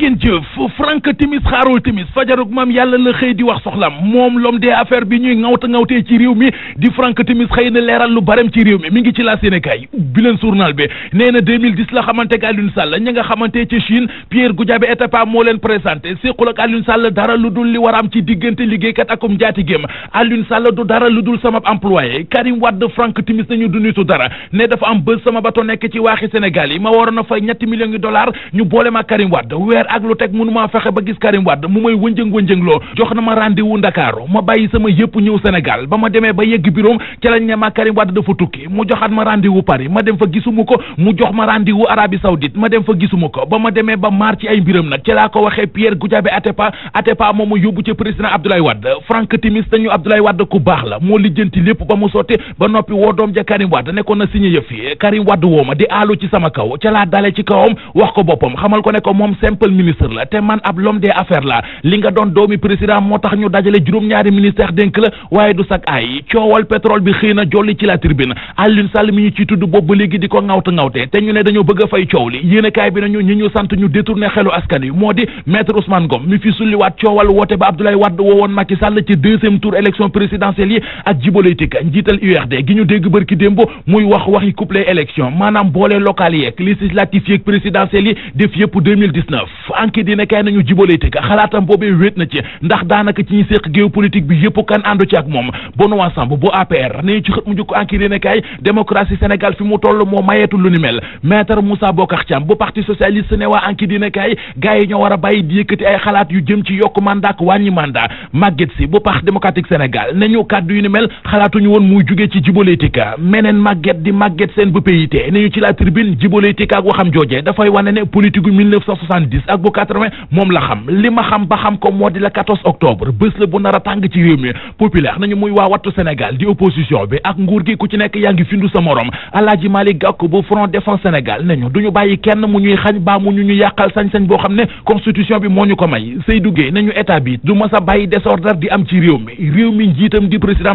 ngeen jëf Frank timis xaarul timis fajarug maam yàlla la xëy di wax soxlam moom l'homme des affaires bi ñuy ŋawta ŋawtee ci réew mi di Frank timis xëy na leeral lu barem ci réew mi mi ngi ci la Sénégal bi leen bi nee na 2010 la xamante ak Aliou Sall ña nga xamante ci Chine Pierre Goudiaby Atepa moo leen présenté séqul ak Aliou Sall dara lu dul li war ci diggante liggéeykat akum njaatigéem Aliou Sall du dara lu dul sama employé Karim Wade Frank yi ma waroon a fay ñetti ak lu teg mënumaa fexe ba gis Karim Wade mu may wënjëng wënjëng loo jox na ma rendez-vous Ndakaaru ma bàyyi sama yëpp ñëw Sénégal ba ma demee ba yegg biroom ci lañ ne ma Karim Wade dafa tukki mu joxaat ma rendez-vous Paris ma dem fa gisuma ko mu jox ma rendez-vous Arabie Saoudite ma dem fa gisuma ko ba ma demee ba maar ci ay mbiram nag ci laa ko waxee Pierre Goudiaby Atepa Atepa moom ma yóbbu ca président Abdoulaye Wade Franck Timis dañu Abdoulaye Wade ku baax la moo lijjanti lépp ba mu sotti ba noppi woo doom ja Karim Wade nekkoon na signé yëf yi Karim Wade woo ma di aalu ci sama kaw ca laa dale ci kawam wax ko xamal ko ko moom simple ministre te man ab l'homme des affaires li nga doon doomi président moo tax ñu dajale juróom-ñaari ministère dénk la waaye du sak ay coowal pétrole bi xëy na jolli ci la tribune a yi moo di maître Ousmane Ngom mi enquête dina kay nañu jibalee tëg xalaatam boobee wéet na ci ndax daanaka ci ñi séq géopolitique bi yëpp kan àndu ci ak moom Benoît Samb bu APR nañu ci mu njëkk enquête dina kay moo mayeetul lu ni mel maître Moussa Bokar Thiam bu parti socialiste ne waa enquête dina kay ñoo war bàyyi di yëkkati ay xalaat yu jëm ci yokk mandat ak wàññi mandat Maguette Sy bu parti démocratique Sénégal nañu kàddu yu ni mel xalaatuñu woon muy jugee ci jibalee tika meneen Maguette di Maguette seen bu PIT nañu ci la tribune jibalee tika ak waxam ak bu 80 moom la xam li ma xam ba xam ko moo la 14 octobre bés bu nar tàng ci réew mi populaire nañu muy waa wattu Sénégal di opposition bi ak nguur gi ku ci nekk yaa ngi findu sa morom Alaaji Malick Gakou bu Front Défense Sénégal nañu du ñu bàyyi kenn mu ñuy xañ baa mu ñu ñu yàqal sañ-sañ boo xam ne constitution bi moo ñu ko may Seydou Guèye nañu état bi du mas a bàyyi désordre di am ci réew mi réew mi njiitam di président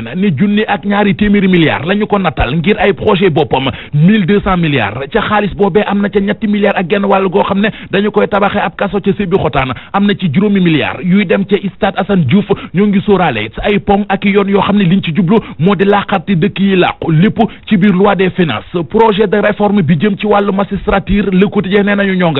xamle na ni junni ak ñaari téeméeri milliards la ñu ko nattal ngir ay projet boppam mille deux cent milliards ca xaalis boobee am na ca ñetti milliards ak genn wàll goo xam ne dañu koy tabaxee ab kaso ca sébi xotaan am na ci juróomi milliards yuy dem ca stade Assane Diouf ñoo ngi sóoraale ay pont ak yoon yoo xam ne liñ ci jublu moo di laaxarti dëkk yi làqu lépp ci biir loi des finances projet de réforme bi jëm ci wàllu magistrature Le Quotidien nee nañu ñoo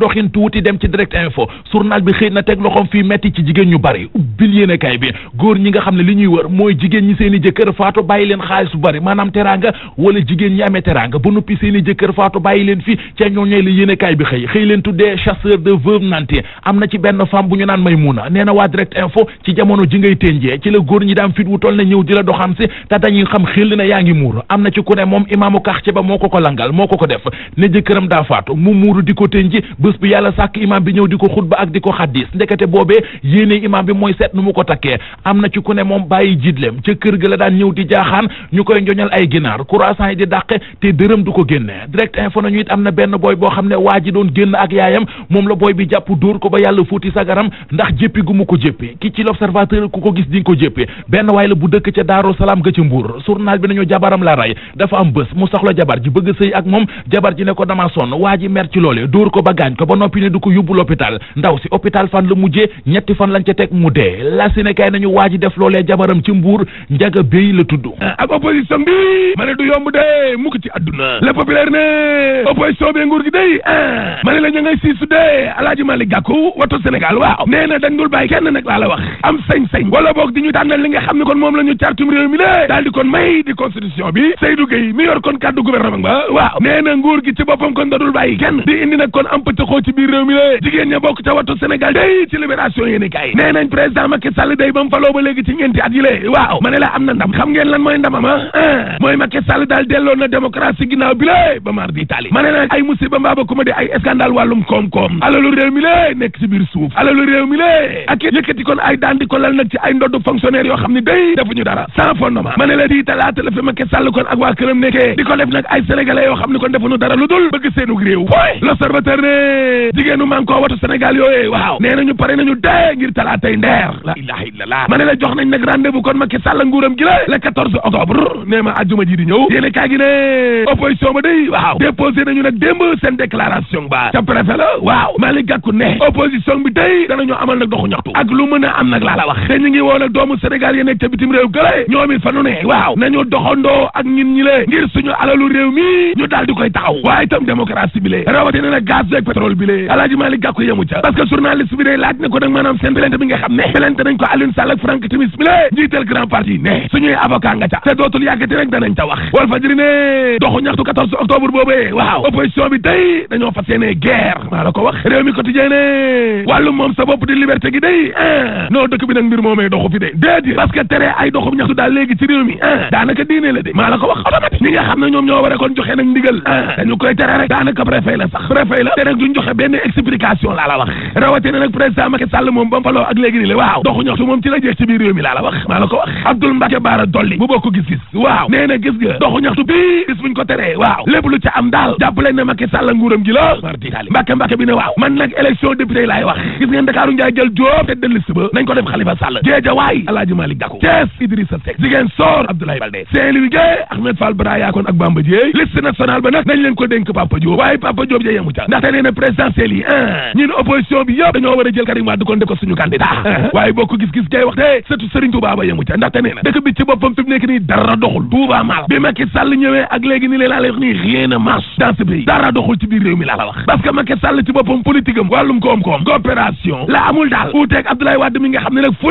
doxin tuuti dem ci direct info journal bi xëy na teg loxoom fii metti ci jigéen ñu bari ubbil yéenekaay bi góor ñi nga xam ne li ñuy wër mooy jigéen ñi seen i jëkkër faatu bàyyi leen xaalis bu bari maanaam teraanga wala jigéen ñi amee teraanga ba noppi seen i jëkkër faatu bàyyi leen fi ca ñooñee la yéenekaay bi xëy xëy leen tuddee chasseur de veuve nanti am na ci benn femme bu ñu naan may nee na waa direct info ci jamono ji ngay ténjee ci la góor ñi daam fit wu toll ne ñëw di la doxam xam xel na yaa ngi muuru am na ci ku moom imaamu quartier ba moo ko ko langal moo ko ko def ne jëkkëram daa faatu mu muuru ko bés bi yàlla sàkk imam bi ñëw di ko xutba ak di ko xaddis ndekete boobee yéene imam bi mooy seet nu mu ko takkee am na ci ku ne moom bàyyi jiitleem ca kër ga la daan ñëw di jaaxaan ñu koy njoñal ay ginaar croissant yi di dàqe te dërëm du ko génne direct info nañu it am na benn booy boo xam ne waa ji doon génn ak yaayam moom la booy bi jàpp dóor ko ba yàlla fóoti sagaram ndax jéppi gu mu ko jéppi ki ci l'observateur ku ko gis di ko jéppi benn waay la bu dëkk ca daaru salaam ga ca mbuur journal bi la ray dafa am bés mu soxla jabar ji bëgg sëy ak moom jabar ji ne ko dama sonn waa gaañ ko ba noppi ne du ko yóbbu l'hôpital ndaw si hôpital fan la mujjee ñetti fan lañ ca teg mu dee la si ne nañu waa def loolee jabaram ci mbuur njaga béy la tudd ah, ak opposition bi ma du yomb de mukk ci àdduna la populaire ne opposition bi nguur gi day a ah, ma ne la ñu ngay sii su dee alaaji Malick Gakou watu Sénégal waaw nee na dañ dul bàyyi kenn nag laa la wax am sañ-sañ wala boog di ñu tànnal li nga xam ne kon moom la ñu cartum réew mi lé daal di kon may di constitution bi Seydou taxoo ci biir réew mi la jigéen ña bokk ca wattu Sénégal day ci libération yéeni kaay nee nañ président Macky Sall day ba mu faloo ba léegi ci ñeenti at yi la waaw ma am na ndam xam ngeen lan mooy ndamama ah? ah mooy Macky Sall daal delloo na démocratie ginnaaw bi la ba mar di tali ma ne nag ay musiba mbaaba ku ma di ay scandale wàllum koom-koom alalu réew mi la nekk ci biir suuf alalu réew mi la ak yëkkati kon ay daan di ko lal nag ci ay ndodd fonctionnaire xam ne day defuñu dara sans fondement ma ne la di talaata la fi ne kon dara lu dul bëgg seenug réew jigéenu man koo watu Sénégal yooyee waaw nee nañu pare nañu dee ngir talaatay ndeer la ma ne la jox nañ nag rendez-vous kon Macky Sall nguuram gi la le 14 octobre nee ma ajjuma ji di ñëw yéene kaa gi ne opposition ba day waaw déposé nañu nag démb seen déclaration ba ca préfet la waaw Malick Gakou ne opposition bi day danañu amal nag doxu ñaxtu ak lu mën a am nag laa la wax te ñu ngi woo nag doomu Sénégal yi nekk ca bitim réew gële ñoom it fa nu ne waaw nañu doxandoo ak ñin ñi le ngir suñu alalu réew mi ñu daal di koy taxaw waaye itam pétrole bi lée alaaji Malick Gakou yemu ca parce que journaliste bi day laaj ne ko nag maanaam seen plainte bi nga xam ne plainte nañ ko Alioune Sall ak Timis bi lée grand parti ne suñuy avocat nga ca te dootul yàggati rek danañ ca wax Walf Fadjri doxu ñaxtu 14 octobre boobee waaw opposition bi day dañoo fas yéene guerre maa la ko wax réew mi moom sa ah bi nag mbir moomee doxu fi de déedéet parce tere ay doxum ñaxtu daal léegi ci réew mi ah daanaka diine la de maa la ko wax automatique ñi nga xam ne ñoom ñoo war a kon joxe nag ndigal ah dañu koy tere rek daanaka duñ joxe benn explication laa la wax rawatina nag président Macky Sall moom ba mu faloo ak léegi ni la waaw doxu ñaxtu moom ci la jeex ci biir réew mi laa la wax maa la ko wax Abdoul Mbacké Bara Dolli bu bokk gis-gis waaw nee na gis nga doxu ñaxtu bii bis buñ ko teree waaw lépp ca am daal jàpp leen ne Macky Sall nguuram gi la mardi tali bi ne waaw man nag élection député laay wax gis ngeen Ndakaaru Ndiaye jël Diop te de liste Ahmed Fall Braya kon ak Bamba présidentielle yi a ñun opposition bi yëpp dañoo war a jël Karim Wade kon def ko suñu candidat waaye bokk gis-gis kay wax de surtout Serigne Touba ba yemu ca ndaxte nee na dëkk bi ci boppam fi nekk nii dara doxul Touba maal bi Macky Sall ñëwee ak léegi nii laa lay wax nii rien ne dans ce dara doxul ci biir réew mi laa la wax parce que Macky ci boppam politique am wàllum koom-koom la amul daal uuteeg Abdoulaye Wade mi nga xam ne nag fu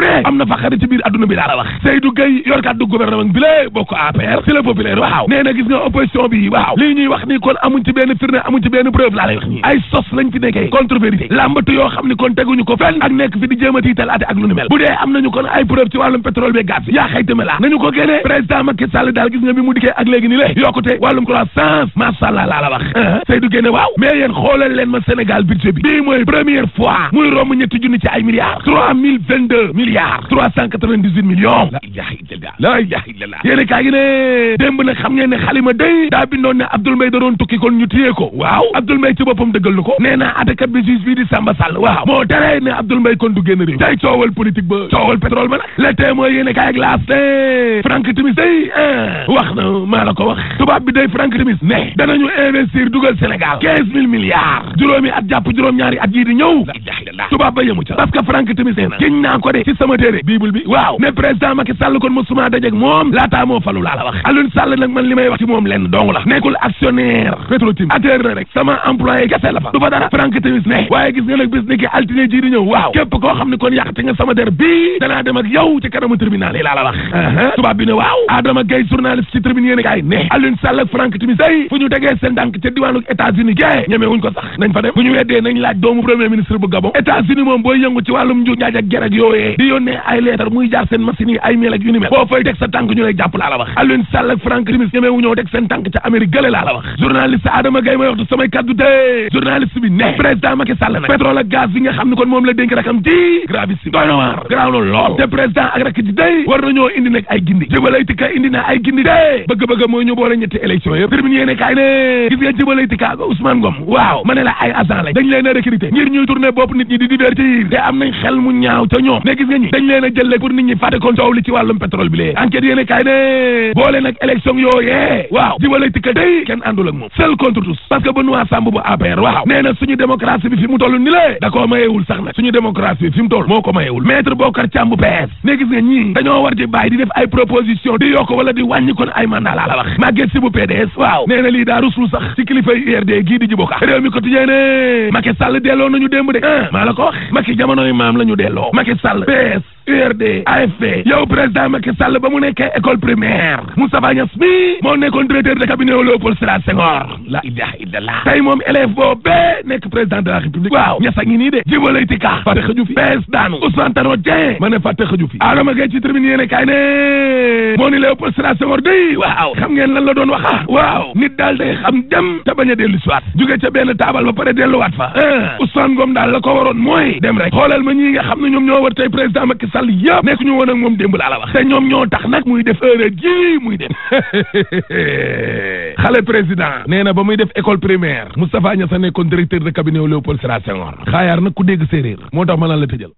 ne sos lañ fi yoo xam ne kon teguñu ko fenn ak nekk fi di jéem a tiital ate ak lu ni mel bu dee am nañu kon ay preuve ci wàllum pétrole bi gaz yaa xëy tamit laa nañu ko génnee président Macky Sall daal gis nga bi mu dikkee ak léegi ni lée yokkute wàllum croissance masàllaa laa la wax uh-huh. Seydou Guèye waaw mais xoolal leen ma Sénégal budget bi bii première fois muy romb ñetti junni ci ay milliards trois mille vingt deux milliards trois cent quatre vingt ko nee naa attakat bi juge bii di Samba Sall waaw moo tere ne Abdoul Mbaye kon du génn réew tey coowal politique ba coowal pétrole ba nag le témoin yéene kaay ak Timis day wax na maa la ko wax tubaab bi day Franck Timis ne danañu investir dugal Sénégal quinze mille milliards juróomi at jàpp juróom-ñaari at yii di ñëw tubaab ba yemu ca parce que Franck Timis nee na giñ naa ko de ci sama téere bible bi waaw ne président Macky Sall kon mosuma dajeg moom la wax Alioune Sall nag li may wax ci moom lenn dong la nekkul actionnaire Petro-Tim acteur la rek sama la fa du ma dara Frank Timis ne waaye gis nga nag altine ji ñëw waaw képp koo xam ne kon yàqte nga sama der bii danaa dem ak ci kanamu tribunal yi laa la wax bi ne waaw Adama Gaye journaliste ci tribune yéen kaay ne Alioune Sall Frank Timis ay fu ñu tegee seen dànk ca diwaanu États-Unis gee ñeme wuñ ko sax nañ fa dem bu ñu weddee nañ laaj doomu premier ministre bu Gabon États-Unis moom booy yëngu ci wàllum nju ñaaj gerek yooyee di yónnee ay ay mel journaliste bi ne président Macky Sall nag pétrole ak gaz bi nga xam ne kon moom la dénk rakam ji gravissime doy na waar garaaw na lool te président ak rak ji day war nañoo indi nag ay gindi jëbalaytika indi na ay gindi dee bëgg-bëgg mooy ñu boole ñetti élection yëpp termine yéene kaay ne gis nga jëbalaytika Ousmane Ngom waaw ma ne la ay agent lañ dañ leen a recruter ngir ñuy tourner bopp nit ñi di divertir te am nañ xel mu ñaaw ca ñoom ne gis nga ñi dañ leen a jëlle pour nit ñi fàtte kon coow li ci wàllum pétrole bi lee enquête yéene kaay ne boole nag élection yooyee waaw jëbalaytika day kenn àndul ak moom seul contre tous parce que Benoît Sambou bu APR waaw nee na suñu démocratie bi fi mu toll ni lée da koo mayeewul sax nag suñu démocratie bi fi mu toll moo ko mayeewul maître Bocar Thiam bu PS ne gis nga ñii dañoo war di bàyyi di def ay proposition di yokk wala di wàññi kon ay mandat wax Maguette Sy bu PDS waaw nee na lii daa ruslu sax ci kilifa URD gii di Djibo Ka réew mi quotidien ne Macky Sall delloo nañu démb de ah maa la ko wax Macky jamonoy maam la ñu delloo Macky sal PS URD AFP yow président Macky Sall ba mu nekkee école primaire Moustapha Niass mi moo nekkoon directeur de cabinet Léopold Sédar Senghor la ilaha illallah tey moom élève nekk président de la république waaw Niass a ngi nii de jibalay ti kaa fàtte xëju fi bees daanu Ousmane Tanor Dieng ma ne fàtte xëju fi Adama Gaye ci tribune yéene kaay ne moo ni Léopold Sédar Senghor day waaw xam ngeen lan la doon waxa waaw nit daal day xam dem te bañ a dellu siwaat jóge ca benn Sall yëpp nekk ñu woon ak moom démb laa la wax te ñoom ñoo tax nag muy def heure ji muy def xale président nee na ba muy def école primaire Moustapha Niasse nekkoon directeur de cabinet Léopold Sédar Senghor xaayaar nag ku dégg séeréer moo tax ma naan la jël